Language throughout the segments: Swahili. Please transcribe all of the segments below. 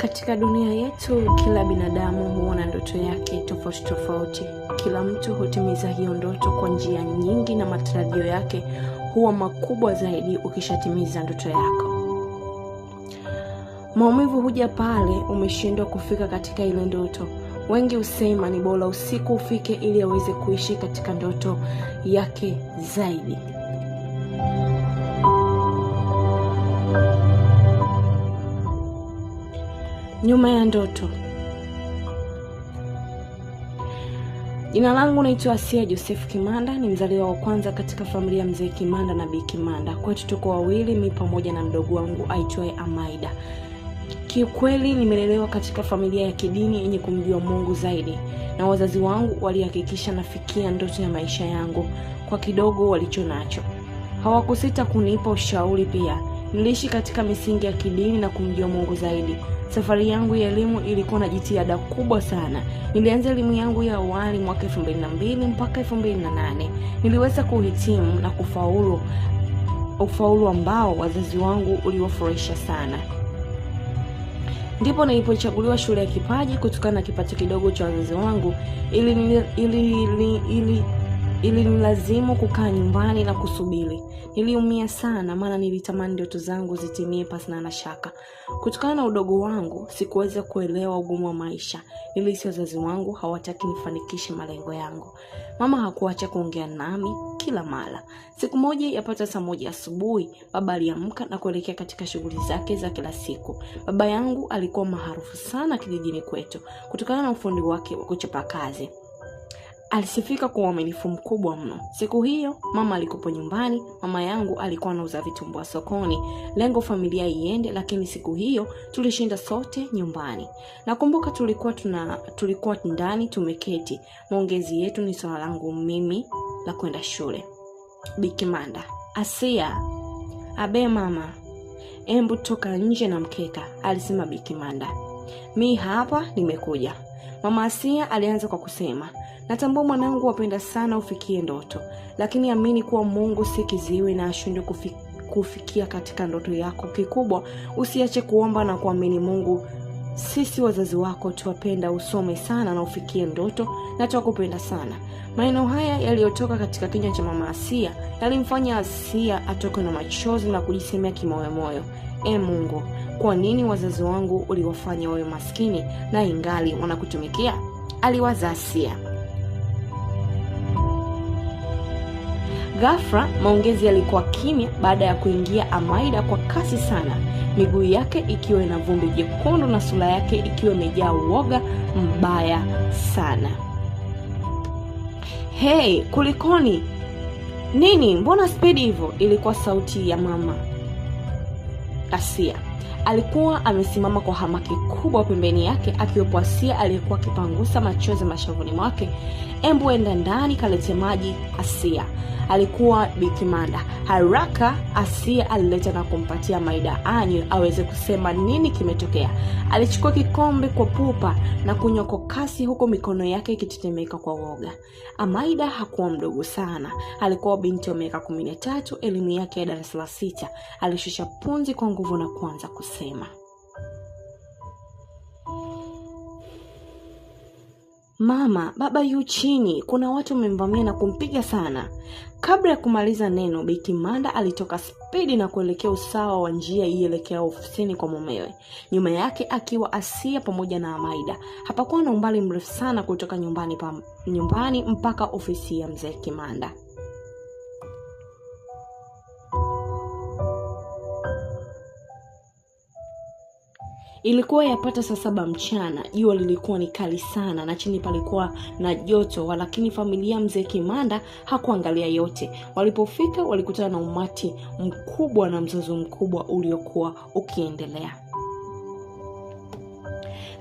Katika dunia yetu, kila binadamu huwa na ndoto yake tofauti tofauti. Kila mtu hutimiza hiyo ndoto kwa njia nyingi, na matarajio yake huwa makubwa zaidi ukishatimiza ndoto yako. Maumivu huja pale umeshindwa kufika katika ile ndoto. Wengi husema ni bora usiku ufike ili aweze kuishi katika ndoto yake zaidi. Nyuma ya ndoto. Jina langu naitwa Asia Joseph Kimanda, ni mzaliwa wa kwanza katika familia mzee Kimanda na Bi Kimanda. Kwetu tuko wawili, mi pamoja na mdogo wangu aitwaye Amaida. Kiukweli nimelelewa katika familia ya kidini yenye kumjua Mungu zaidi, na wazazi wangu walihakikisha nafikia ndoto ya maisha yangu kwa kidogo walicho nacho. Hawakusita kunipa ushauri pia Niliishi katika misingi ya kidini na kumjua Mungu zaidi. Safari yangu ya elimu ilikuwa na jitihada kubwa sana. Nilianza elimu yangu ya awali mwaka 2002 mpaka 2008. Niliweza kuhitimu na kufaulu, ufaulu ambao wazazi wangu uliwafurahisha sana. Ndipo nilipochaguliwa shule ya kipaji kutokana na kipato kidogo cha wazazi wangu ili, ili, ili, ili ilinilazimu kukaa nyumbani na kusubiri. Niliumia sana, maana nilitamani ndoto zangu zitimie pasina na shaka. Kutokana na udogo wangu, sikuweza kuelewa ugumu wa maisha. Nilihisi wazazi wangu hawataki nifanikishe malengo yangu. Mama hakuacha kuongea nami kila mara. Siku moja yapata saa moja asubuhi, baba aliamka na kuelekea katika shughuli zake za kila siku. Baba yangu alikuwa maarufu sana kijijini kwetu kutokana na ufundi wake wa kuchapa kazi alisifika kwa uaminifu mkubwa mno. Siku hiyo mama alikupo nyumbani, mama yangu alikuwa anauza vitumbua sokoni, lengo familia iende, lakini siku hiyo tulishinda sote nyumbani. Nakumbuka tulikuwa tuna tulikuwa ndani tumeketi, maongezi yetu ni swala langu mimi la kwenda shule. Bikimanda Asia, abe mama, embu toka nje na mkeka, alisema Bikimanda. Mi hapa nimekuja Mama Asia alianza kwa kusema, natambua mwanangu wapenda sana ufikie ndoto, lakini amini kuwa Mungu si kiziwi na ashindwe kufi, kufikia katika ndoto yako. Kikubwa usiache kuomba na kuamini Mungu. Sisi wazazi wako tuwapenda, usome sana na ufikie ndoto, na tuwakupenda sana. Maneno haya yaliyotoka katika kinywa cha mama Asia yalimfanya Asia atoke na machozi na kujisemea kimoyomoyo, e Mungu, kwa nini wazazi wangu uliwafanya wawe maskini na ingali wanakutumikia? Aliwaza Asia. Ghafla maongezi yalikuwa kimya baada ya kuingia Amaida kwa kasi sana, miguu yake ikiwa ina vumbi jekundu na sura yake ikiwa imejaa uoga mbaya sana. Hei, kulikoni? Nini? Mbona spidi hivyo? Ilikuwa sauti ya mama Asia. Alikuwa amesimama kwa hamaki kubwa pembeni yake, akiwepo Asia aliyekuwa akipangusa machozi mashavuni mwake. Embu enda ndani, kalete maji. Asia alikuwa bikimanda. Haraka Asia alileta na kumpatia Maida anywe aweze kusema nini kimetokea. Alichukua kikombe kwa pupa na kunywa kwa kasi, huku mikono yake ikitetemeka kwa woga. Amaida hakuwa mdogo sana, alikuwa binti wa miaka kumi na tatu, elimu yake ya darasa la sita. Alishusha punzi kwa nguvu na kuanza kusema kusema. Mama, baba yu chini, kuna watu wamemvamia na kumpiga sana. Kabla ya kumaliza neno, Beti Manda alitoka spidi na kuelekea usawa wa njia ielekea ofisini kwa mumewe, nyuma yake akiwa Asia pamoja na Amaida. Hapakuwa na umbali mrefu sana kutoka nyumbani, pa, nyumbani mpaka ofisi ya mzee Kimanda. Ilikuwa yapata saa saba mchana, jua lilikuwa ni kali sana na chini palikuwa na joto, lakini familia mzee Kimanda hakuangalia yote. Walipofika walikutana na umati mkubwa na mzozo mkubwa uliokuwa ukiendelea.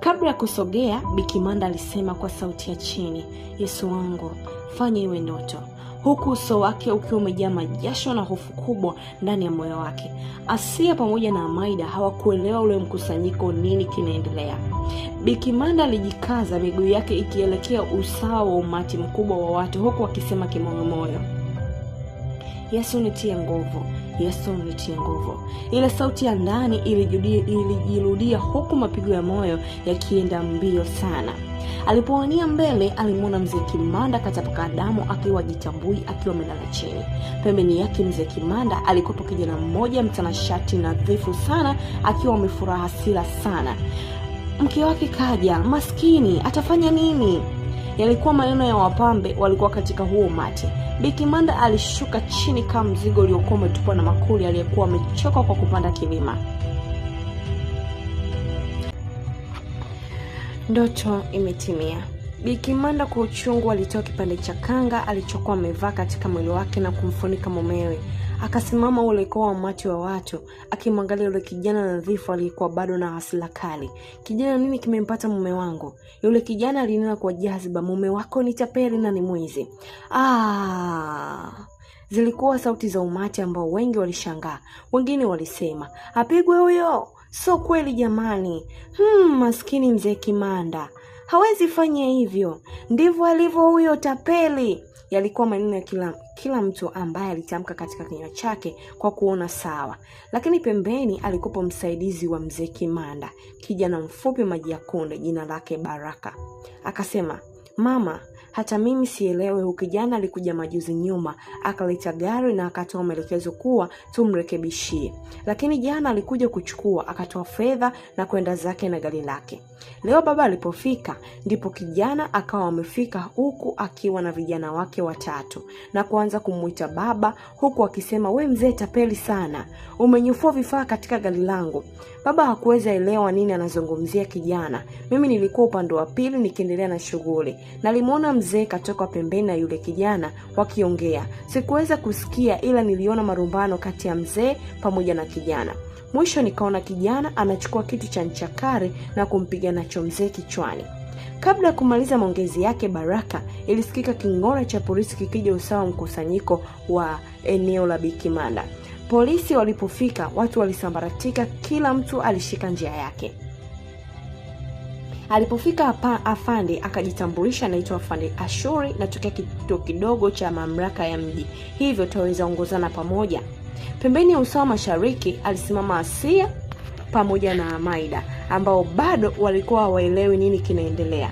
Kabla ya kusogea, Bikimanda alisema kwa sauti ya chini, Yesu wangu, fanye iwe ndoto huku uso wake ukiwa umejaa majasho na hofu kubwa ndani ya moyo wake. Asia pamoja na Maida hawakuelewa ule mkusanyiko, nini kinaendelea. Bikimanda alijikaza, miguu yake ikielekea usawa wa umati mkubwa wa watu, huku akisema kimoyomoyo, Yesu nitie nguvu, Yesu nitie nguvu. Ile sauti ya ndani ilijirudia, huku mapigo ya moyo yakienda mbio sana. Alipowania mbele, alimwona mzee Kimanda katapaka damu akiwa jitambui, akiwa amelala chini. Pembeni yake mzee Kimanda alikuwepo kijana mmoja mtanashati nadhifu sana, akiwa amefuraha sila sana. Mke wake kaja, maskini atafanya nini? Yalikuwa maneno ya wapambe walikuwa katika huo mate Bikimanda alishuka chini kama mzigo uliokuwa umetupwa na makuli aliyekuwa amechoka kwa kupanda kilima. Ndoto imetimia. bikimanda kwa uchungu alitoa kipande cha kanga alichokuwa amevaa katika mwili wake na kumfunika mumewe. Akasimama ulikuwa umati wa watu akimwangalia yule kijana nadhifu aliyekuwa bado na hasira kali. Kijana, nini kimempata mume wangu? Yule kijana alinena kwa jaziba, mume wako ni tapeli na ni mwizi. Ah! Zilikuwa sauti za umati ambao wengi walishangaa, wengine walisema apigwe huyo Sio kweli jamani. Hmm, maskini mzee Kimanda hawezi fanya hivyo, ndivyo alivyo huyo tapeli. Yalikuwa maneno ya kila, kila mtu ambaye alitamka katika kinywa chake kwa kuona sawa, lakini pembeni alikuwepo msaidizi wa mzee Kimanda, kijana mfupi maji ya kunde, jina lake Baraka. Akasema, mama hata mimi sielewe, huyu kijana alikuja majuzi nyuma akaleta gari na akatoa maelekezo kuwa tumrekebishie, lakini jana alikuja kuchukua, akatoa fedha na kwenda zake na gari lake. Leo baba alipofika, ndipo kijana akawa amefika huku akiwa na vijana wake watatu na kuanza kumwita baba, huku akisema we mzee tapeli sana, umenyufua vifaa katika gari langu. Baba hakuweza elewa nini anazungumzia kijana. Mimi nilikuwa upande wa pili nikiendelea na shughuli. Nalimwona mzee katoka pembeni na yule kijana wakiongea. Sikuweza kusikia, ila niliona marumbano kati ya mzee pamoja na kijana. Mwisho nikaona kijana anachukua kitu cha nchakari na kumpiga nacho mzee kichwani. Kabla ya kumaliza maongezi yake Baraka, ilisikika king'ora cha polisi kikija usawa mkusanyiko wa eneo la Bikimanda. Polisi walipofika, watu walisambaratika, kila mtu alishika njia yake. Alipofika hapa, afande akajitambulisha, anaitwa Afande Ashuri, natokea kituo kidogo cha mamlaka ya mji, hivyo tutaweza ongozana pamoja. Pembeni ya usawa mashariki alisimama Asia pamoja na Maida ambao bado walikuwa hawaelewi nini kinaendelea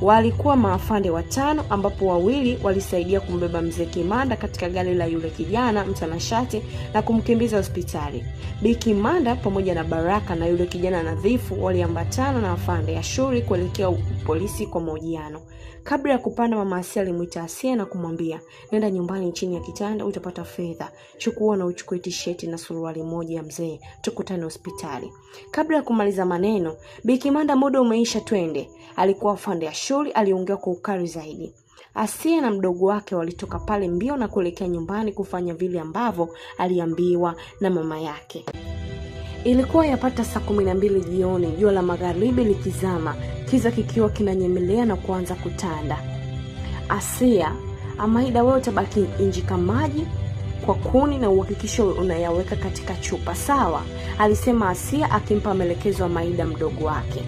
walikuwa maafande watano ambapo wawili walisaidia kumbeba mzee Kimanda katika gari la yule kijana mtanashati na kumkimbiza hospitali. Bi Kimanda pamoja na Baraka na yule kijana nadhifu waliambatana na afande shuri kuelekea polisi kwa maojiano Kabla ya kupanda, mama Asia alimwita Asia na kumwambia, nenda nyumbani chini ya kitanda utapata fedha, chukua na uchukue tisheti na suruali moja ya mzee, tukutane hospitali. Kabla ya kumaliza maneno, bikimanda muda umeisha, twende, alikuwa afande Shuli aliongea kwa ukali zaidi. Asia na mdogo wake walitoka pale mbio na kuelekea nyumbani kufanya vile ambavyo aliambiwa na mama yake. Ilikuwa yapata saa kumi na mbili jioni, jua la magharibi likizama, kiza kikiwa kinanyemelea na kuanza kutanda. Asia, Amaida, wewe utabaki injika maji kwa kuni na uhakikisho unayaweka katika chupa sawa, alisema Asia akimpa maelekezo Amaida mdogo wake.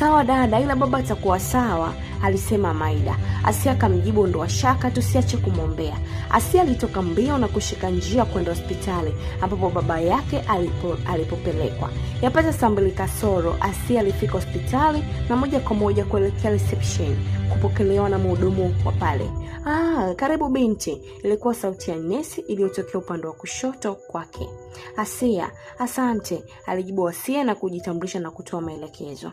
Sawa dada, ila baba atakuwa sawa, alisema Maida. Asia akamjibu ndo shaka, tusiache kumwombea. Asia alitoka mbio na kushika njia kwenda hospitali ambapo baba yake alipo, alipopelekwa. Yapata sambili kasoro, Asia alifika hospitali na moja kwa moja kuelekea reception kupokelewa na mhudumu wa pale. Ah, karibu binti, ilikuwa sauti ya nesi iliyotokea upande wa kushoto kwake. Asia, asante, alijibu Asia na kujitambulisha na kutoa maelekezo.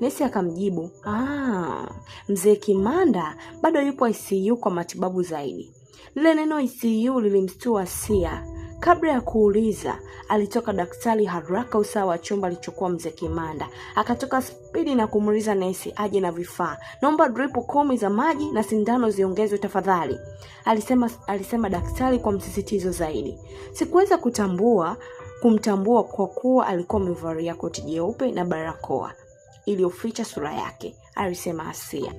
Nesi akamjibu, ah, mzee Kimanda bado yupo ICU kwa matibabu zaidi. Lile neno ICU lilimstua Sia. Kabla ya kuuliza, alitoka daktari haraka usawa wa chumba alichokuwa mzee Kimanda, akatoka spidi na kumuuliza nesi aje na vifaa. Naomba dripu kumi za maji na sindano ziongezwe tafadhali, alisema, alisema daktari kwa msisitizo zaidi. Sikuweza kutambua kumtambua kwa kuwa alikuwa amevalia koti jeupe na barakoa iliyoficha sura yake, alisema Asia.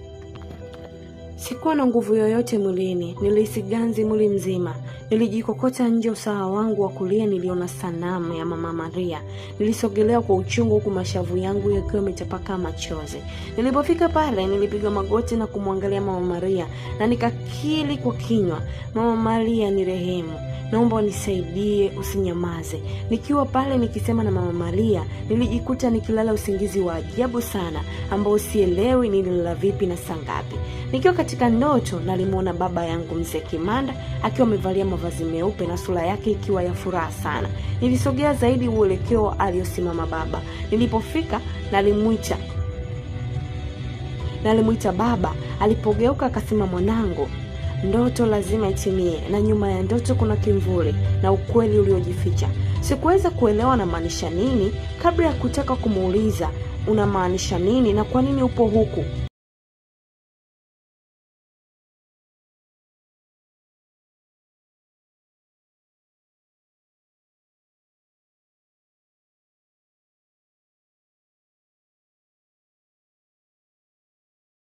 Sikuwa na nguvu yoyote mwilini, nilihisi ganzi mwili mzima. Nilijikokota nje, usawa wangu wa kulia niliona sanamu ya Mama Maria. Nilisogelea kwa uchungu, huku mashavu yangu yakiwa yametapakaa machozi. Nilipofika pale, nilipiga magoti na kumwangalia Mama Maria na nikakili kwa kinywa, Mama Maria ni rehemu naomba unisaidie, usinyamaze. Nikiwa pale nikisema na mama Maria, nilijikuta nikilala usingizi wa ajabu sana ambao sielewi nililala vipi na saa ngapi. Nikiwa katika ndoto, nalimwona baba yangu mzee Kimanda akiwa amevalia mavazi meupe na sura yake ikiwa ya furaha sana. Nilisogea zaidi uelekeo aliyosimama baba. Nilipofika nalimwita nalimwita baba. Alipogeuka akasema, mwanangu Ndoto lazima itimie, na nyuma ya ndoto kuna kimvuli na ukweli uliojificha. Sikuweza kuelewa namaanisha nini kabla ya kutaka kumuuliza unamaanisha nini na kwa nini upo huku.